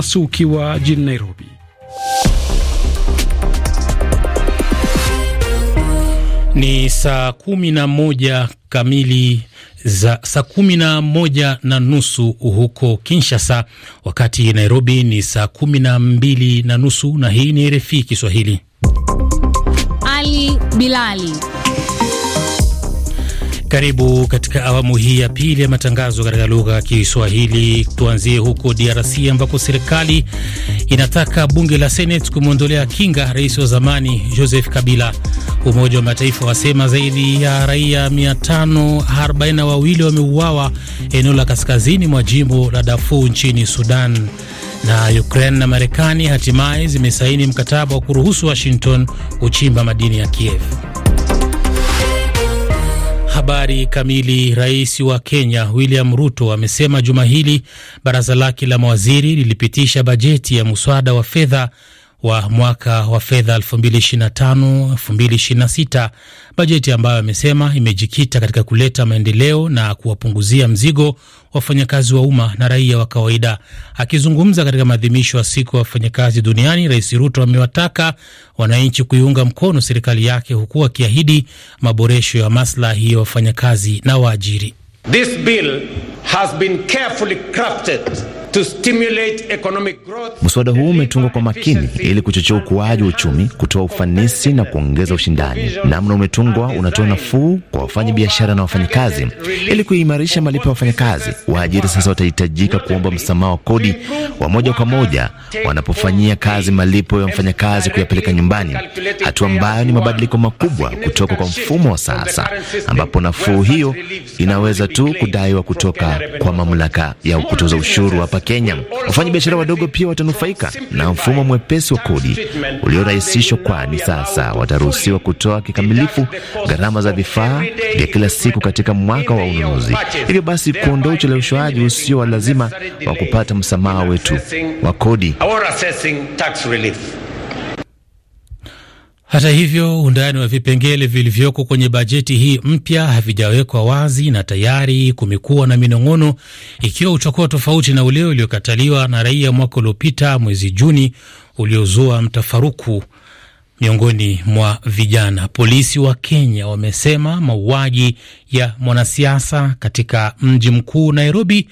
Asu ukiwa jijini Nairobi. Ni saa kumi na moja kamili za saa kumi na moja na nusu huko Kinshasa, wakati Nairobi ni saa kumi na mbili na nusu na hii ni RFI Kiswahili. Ali Bilali karibu katika awamu hii ya pili ya matangazo katika lugha ya Kiswahili. Tuanzie huko DRC ambako serikali inataka bunge la Senate kumwondolea kinga rais wa zamani Joseph Kabila. Umoja wa Mataifa wasema zaidi ya raia 542 wameuawa eneo la kaskazini mwa jimbo la Darfur nchini Sudan. Na Ukraine na Marekani hatimaye zimesaini mkataba wa kuruhusu Washington kuchimba madini ya Kiev. Habari kamili. Rais wa Kenya William Ruto amesema juma hili baraza lake la mawaziri lilipitisha bajeti ya mswada wa fedha wa mwaka wa fedha 2025/2026 bajeti ambayo amesema imejikita katika kuleta maendeleo na kuwapunguzia mzigo wafanyakazi wa umma na raia wa kawaida. Akizungumza katika maadhimisho ya siku ya wafanyakazi duniani, Rais Ruto amewataka wananchi kuiunga mkono serikali yake, huku akiahidi maboresho ya maslahi ya wafanyakazi na waajiri. This bill has been carefully crafted Mswada huu umetungwa kwa makini ili kuchochea ukuaji wa uchumi, kutoa ufanisi na kuongeza ushindani. Namna umetungwa unatoa nafuu kwa wafanya biashara na wafanyakazi, ili kuimarisha malipo ya wafanyakazi. Waajiri sasa watahitajika kuomba msamaha wa kodi wa moja kwa moja wanapofanyia kazi malipo ya mfanyakazi kuyapeleka nyumbani, hatua ambayo ni mabadiliko makubwa kutoka kwa mfumo wa sasa, ambapo nafuu hiyo inaweza tu kudaiwa kutoka kwa mamlaka ya kutoza ushuru hapa kenya Kenya. Wafanyabiashara wadogo pia watanufaika na mfumo mwepesi wa kodi uliorahisishwa, kwani sasa wataruhusiwa kutoa kikamilifu gharama za vifaa vya kila siku katika mwaka wa ununuzi, hivyo basi kuondoa ucheleweshwaji usio wa lazima wa kupata msamaha wetu wa kodi. Hata hivyo undani wa vipengele vilivyoko kwenye bajeti hii mpya havijawekwa wazi na tayari kumekuwa na minong'ono ikiwa utakuwa tofauti na ule uliokataliwa na raia mwaka uliopita mwezi Juni, uliozua mtafaruku miongoni mwa vijana. Polisi wa Kenya wamesema mauaji ya mwanasiasa katika mji mkuu Nairobi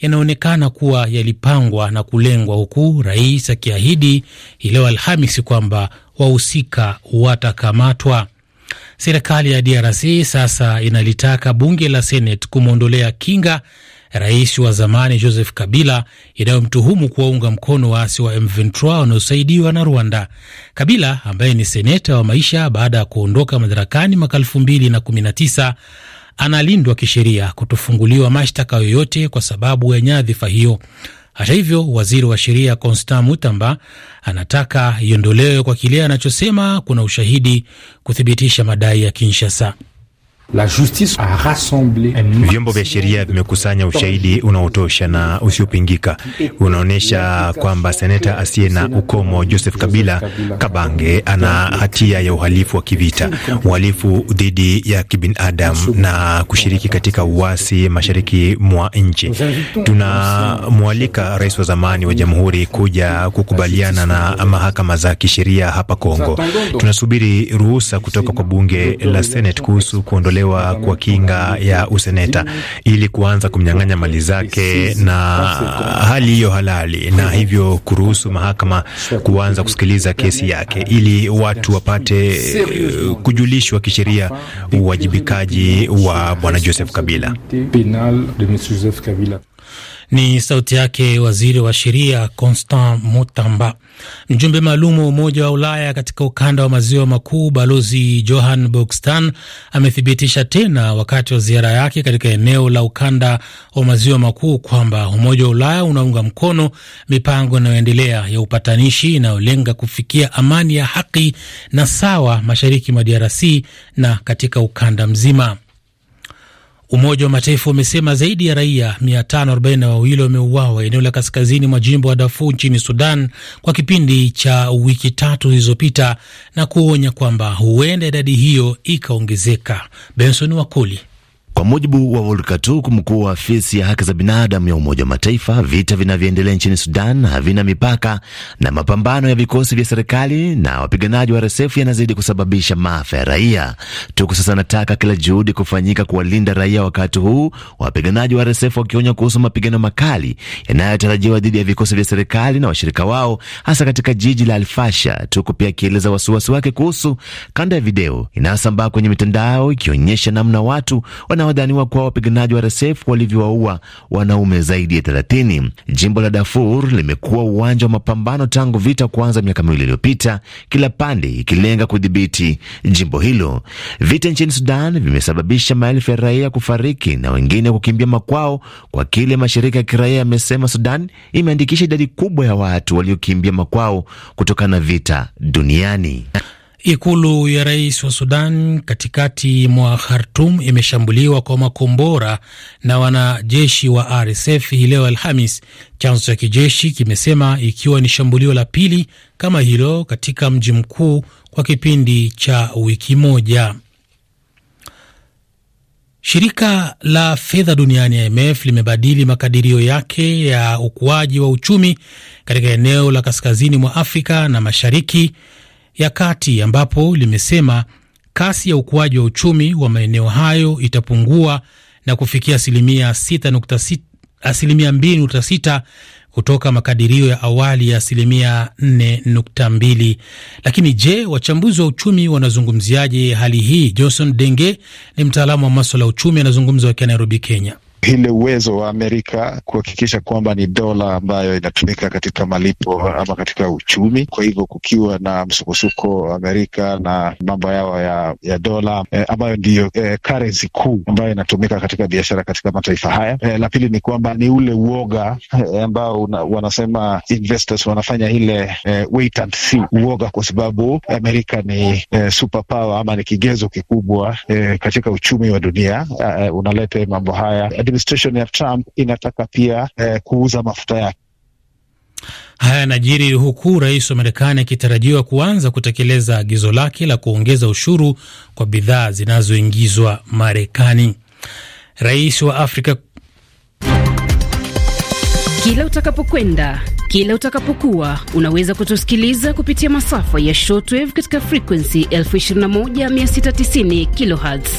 yanaonekana kuwa yalipangwa na kulengwa, huku rais akiahidi ileo Alhamisi kwamba wahusika watakamatwa. Serikali ya DRC sasa inalitaka bunge la Senate kumwondolea kinga rais wa zamani Joseph Kabila inayomtuhumu kuwaunga mkono waasi wa M23 wanaosaidiwa na Rwanda. Kabila ambaye ni seneta wa maisha baada ya kuondoka madarakani mwaka 2019 analindwa kisheria kutofunguliwa mashtaka yoyote kwa sababu ya nyadhifa hiyo. Hata hivyo, waziri wa sheria Constant Mutamba anataka iondolewe kwa kile anachosema kuna ushahidi kuthibitisha madai ya Kinshasa. La justice a rassemble. Vyombo vya sheria vimekusanya ushahidi unaotosha na usiopingika unaonyesha kwamba seneta asiye na ukomo Joseph Kabila Kabange ana hatia ya uhalifu wa kivita, uhalifu dhidi ya kibinadamu na kushiriki katika uasi mashariki mwa nchi. Tunamwalika rais wa zamani wa jamhuri kuja kukubaliana na mahakama za kisheria hapa Kongo. Tunasubiri ruhusa kutoka kwa bunge la Senate kuhusu kuondolewa kutolewa kwa kinga ya useneta ili kuanza kumnyang'anya mali zake na hali hiyo halali, na hivyo kuruhusu mahakama kuanza kusikiliza kesi yake ili watu wapate eh, kujulishwa kisheria uwajibikaji wa Bwana Joseph Kabila. Ni sauti yake waziri wa sheria Constant Mutamba. Mjumbe maalum wa Umoja wa Ulaya katika ukanda wa maziwa makuu Balozi Johan Bogstan amethibitisha tena wakati wa ziara yake katika eneo la ukanda wa maziwa makuu kwamba Umoja wa Ulaya unaunga mkono mipango inayoendelea ya upatanishi inayolenga kufikia amani ya haki na sawa mashariki mwa DRC na katika ukanda mzima. Umoja wa Mataifa umesema zaidi ya raia 54 wawili wameuawa eneo la kaskazini mwa jimbo la Darfur nchini Sudan kwa kipindi cha wiki tatu zilizopita na kuonya kwamba huenda idadi hiyo ikaongezeka. Benson Wakoli. Kwa mujibu wa Volker mkuu wa afisi ya haki za binadamu ya Umoja wa Mataifa, vita vinavyoendelea nchini Sudan havina mipaka na mapambano ya vikosi vya serikali na wapiganaji wa RSF yanazidi kusababisha maafa ya raia. Tuku sasa anataka kila juhudi kufanyika kuwalinda raia, wakati huu wapiganaji wa RSF wakionya kuhusu mapigano makali yanayotarajiwa dhidi ya vikosi vya serikali na washirika wao, hasa katika jiji la Alfasha. Tuku pia akieleza wasiwasi wake kuhusu kanda ya video inayosambaa kwenye mitandao ikionyesha namna watu wana wanaodhaniwa kuwa wapiganaji wa RSF walivyowaua wanaume zaidi ya 30. Jimbo la Darfur limekuwa uwanja wa mapambano tangu vita kuanza miaka miwili iliyopita, kila pande ikilenga kudhibiti jimbo hilo. Vita nchini Sudan vimesababisha maelfu ya raia kufariki na wengine kukimbia makwao, kwa kile mashirika ya kiraia yamesema. Sudan imeandikisha idadi kubwa ya watu waliokimbia makwao kutokana na vita duniani. Ikulu ya rais wa Sudan katikati mwa Khartum imeshambuliwa kwa makombora na wanajeshi wa RSF hii leo Alhamis, chanzo cha kijeshi kimesema, ikiwa ni shambulio la pili kama hilo katika mji mkuu kwa kipindi cha wiki moja. Shirika la fedha duniani IMF limebadili makadirio yake ya ukuaji wa uchumi katika eneo la kaskazini mwa Afrika na mashariki ya Kati ambapo limesema kasi ya ukuaji wa uchumi wa maeneo hayo itapungua na kufikia asilimia 2.6 kutoka makadirio ya awali ya asilimia 4.2. Lakini je, wachambuzi wa uchumi wanazungumziaje hali hii? Johnson Denge ni mtaalamu wa maswala ya uchumi, anazungumza wakiwa Nairobi, Kenya ile uwezo wa Amerika kuhakikisha kwamba ni dola ambayo inatumika katika malipo ama katika uchumi. Kwa hivyo kukiwa na msukosuko Amerika na mambo yao ya, ya dola eh, ambayo ndiyo eh, currency kuu ambayo inatumika katika biashara katika mataifa haya. Eh, la pili ni kwamba ni ule uoga eh, ambao una, wanasema investors wanafanya ile eh, wait and see uoga, kwa sababu Amerika ni eh, ama ni kigezo kikubwa eh, katika uchumi wa dunia eh, unaleta mambo haya administration ya Trump inataka pia eh, kuuza mafuta yake. Haya yanajiri huku rais wa Marekani akitarajiwa kuanza kutekeleza agizo lake la kuongeza ushuru kwa bidhaa zinazoingizwa Marekani. Rais wa Afrika kila utakapokwenda kila utakapokuwa unaweza kutusikiliza kupitia masafa ya shortwave katika frequency 21690 kilohertz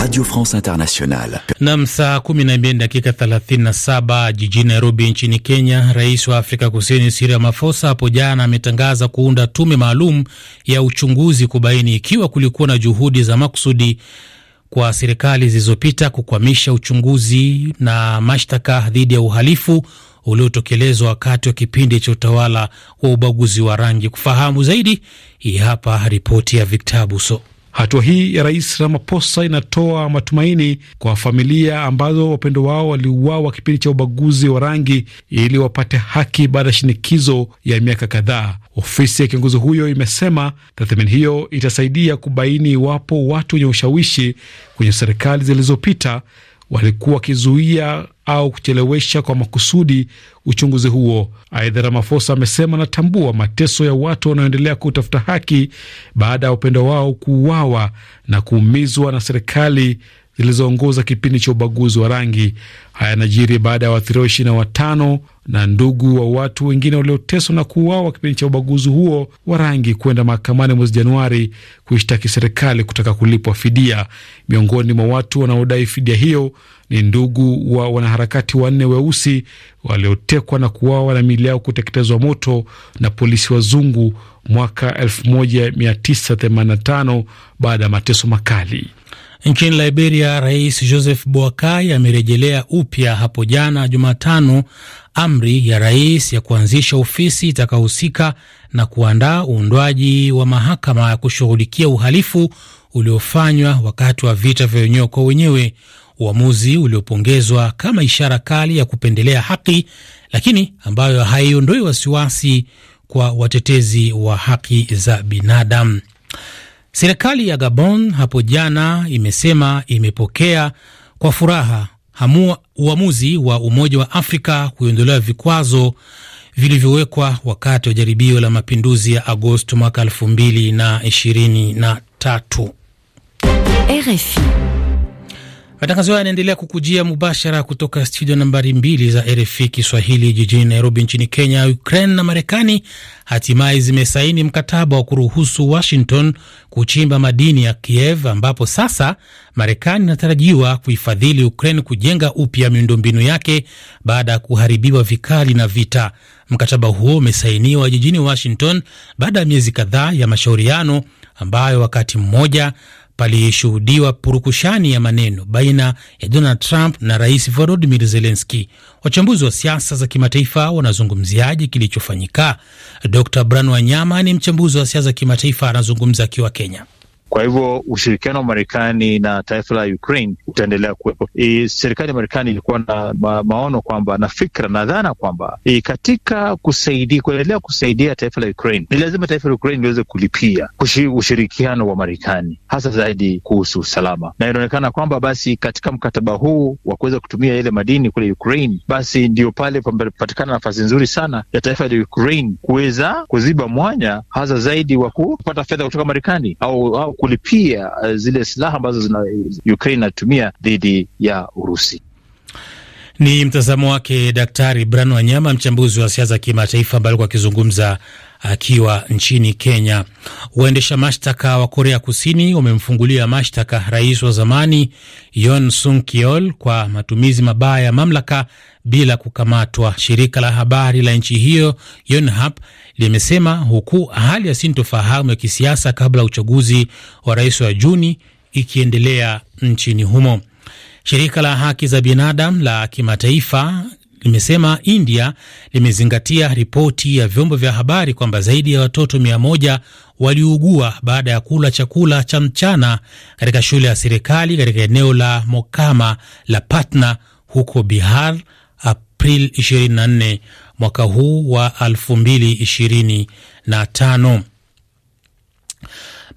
Radio France Internationale. Nam, saa 12 dakika 37 jijini Nairobi nchini Kenya. Rais wa Afrika Kusini Cyril Ramaphosa hapo jana ametangaza kuunda tume maalum ya uchunguzi kubaini ikiwa kulikuwa na juhudi za makusudi kwa serikali zilizopita kukwamisha uchunguzi na mashtaka dhidi ya uhalifu uliotekelezwa wakati wa kipindi cha utawala wa ubaguzi wa rangi. Kufahamu zaidi, hii hapa ripoti ya Victor abuso Hatua hii ya Rais Ramaphosa inatoa matumaini kwa familia ambazo wapendo wao waliuawa kipindi cha ubaguzi wa rangi ili wapate haki baada ya shinikizo ya miaka kadhaa. Ofisi ya kiongozi huyo imesema tathmini hiyo itasaidia kubaini iwapo watu wenye ushawishi kwenye serikali zilizopita walikuwa wakizuia au kuchelewesha kwa makusudi uchunguzi huo. Aidha, ramafosa amesema anatambua mateso ya watu wanaoendelea kutafuta haki baada ya upendo wao kuuawa na kuumizwa na serikali zilizoongoza kipindi cha ubaguzi wa rangi. Haya yanajiri baada ya waathiriwa ishirini na watano na ndugu wa watu wengine walioteswa na kuuawa kipindi cha ubaguzi huo wa rangi kwenda mahakamani mwezi Januari kuishtaki serikali kutaka kulipwa fidia. Miongoni mwa watu wanaodai fidia hiyo ni ndugu wa wanaharakati wanne weusi waliotekwa na kuuawa na miili yao kuteketezwa moto na polisi wazungu mwaka 1985 baada ya mateso makali. Nchini Liberia, Rais Joseph Boakai amerejelea upya hapo jana Jumatano amri ya rais ya kuanzisha ofisi itakayohusika na kuandaa uundwaji wa mahakama ya kushughulikia uhalifu uliofanywa wakati wa vita vya wenyewe kwa wenyewe, uamuzi uliopongezwa kama ishara kali ya kupendelea haki, lakini ambayo haiondoi wasiwasi kwa watetezi wa haki za binadamu. Serikali ya Gabon hapo jana imesema imepokea kwa furaha hamua uamuzi wa Umoja wa Afrika kuiondolewa vikwazo vilivyowekwa wakati wa jaribio la mapinduzi ya agosto mwaka 2023. RFI Matangazo haya yanaendelea kukujia mubashara kutoka studio nambari mbili za RFI Kiswahili jijini Nairobi nchini Kenya. Ukraine na Marekani hatimaye zimesaini mkataba wa kuruhusu Washington kuchimba madini ya Kiev, ambapo sasa Marekani inatarajiwa kuifadhili Ukraine kujenga upya miundombinu yake baada ya kuharibiwa vikali na vita. Mkataba huo umesainiwa jijini Washington baada ya miezi kadhaa ya mashauriano ambayo wakati mmoja palishuhudiwa purukushani ya maneno baina ya Donald Trump na Rais Volodimir Zelenski. Wachambuzi wa siasa za kimataifa wanazungumziaje kilichofanyika? Dr Bran Wanyama ni mchambuzi wa siasa za kimataifa, anazungumza akiwa Kenya. Kwa hivyo ushirikiano wa Marekani na taifa la Ukraine utaendelea kuwepo. Serikali ya Marekani ilikuwa na ma maono kwamba na fikra na dhana kwamba e, katika kusaidia kuendelea kusaidia taifa la Ukraine ni lazima taifa la Ukraine liweze kulipia ushirikiano wa Marekani, hasa zaidi kuhusu usalama, na inaonekana kwamba basi katika mkataba huu wa kuweza kutumia yale madini kule Ukraine, basi ndio pale pamepatikana nafasi nzuri sana ya taifa la Ukraine kuweza kuziba mwanya hasa zaidi wa kupata fedha kutoka Marekani au, au kulipia eh, zile silaha ambazo zina eh, Ukraine inatumia dhidi ya Urusi. Ni mtazamo wake Daktari Bran Wanyama, mchambuzi wa siasa kimataifa, ambaye alikuwa akizungumza akiwa nchini Kenya. Waendesha mashtaka wa Korea Kusini wamemfungulia mashtaka rais wa zamani Yoon Suk Yeol kwa matumizi mabaya ya mamlaka bila kukamatwa. Shirika la habari la nchi hiyo Yonhap limesema huku hali ya sintofahamu ya kisiasa kabla ya uchaguzi wa rais wa Juni ikiendelea nchini humo. Shirika la haki za binadamu la kimataifa limesema India limezingatia ripoti ya vyombo vya habari kwamba zaidi ya watoto mia moja waliugua baada ya kula chakula cha mchana katika shule ya serikali katika eneo la Mokama la Patna huko Bihar April 24 mwaka huu wa 2025.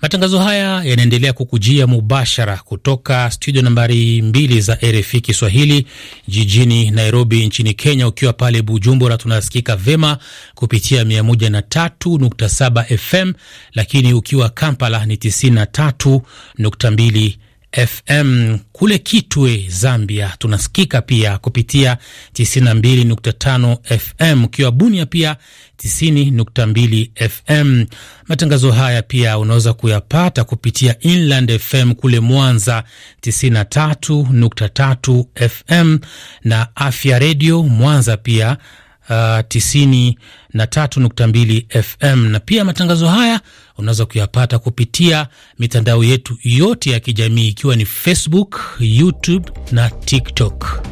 Matangazo haya yanaendelea kukujia mubashara kutoka studio nambari mbili za RFI Kiswahili jijini Nairobi nchini Kenya. Ukiwa pale Bujumbura tunasikika vema kupitia 103.7 FM, lakini ukiwa Kampala ni 93.2 FM kule Kitwe, Zambia. Tunasikika pia kupitia 92.5 FM ukiwa Bunia, pia 90.2 FM. Matangazo haya pia unaweza kuyapata kupitia Inland FM kule Mwanza 93.3 FM na Afya Redio Mwanza pia uh, 93.2 FM na pia matangazo haya unaweza kuyapata kupitia mitandao yetu yote ya kijamii ikiwa ni Facebook, YouTube na TikTok.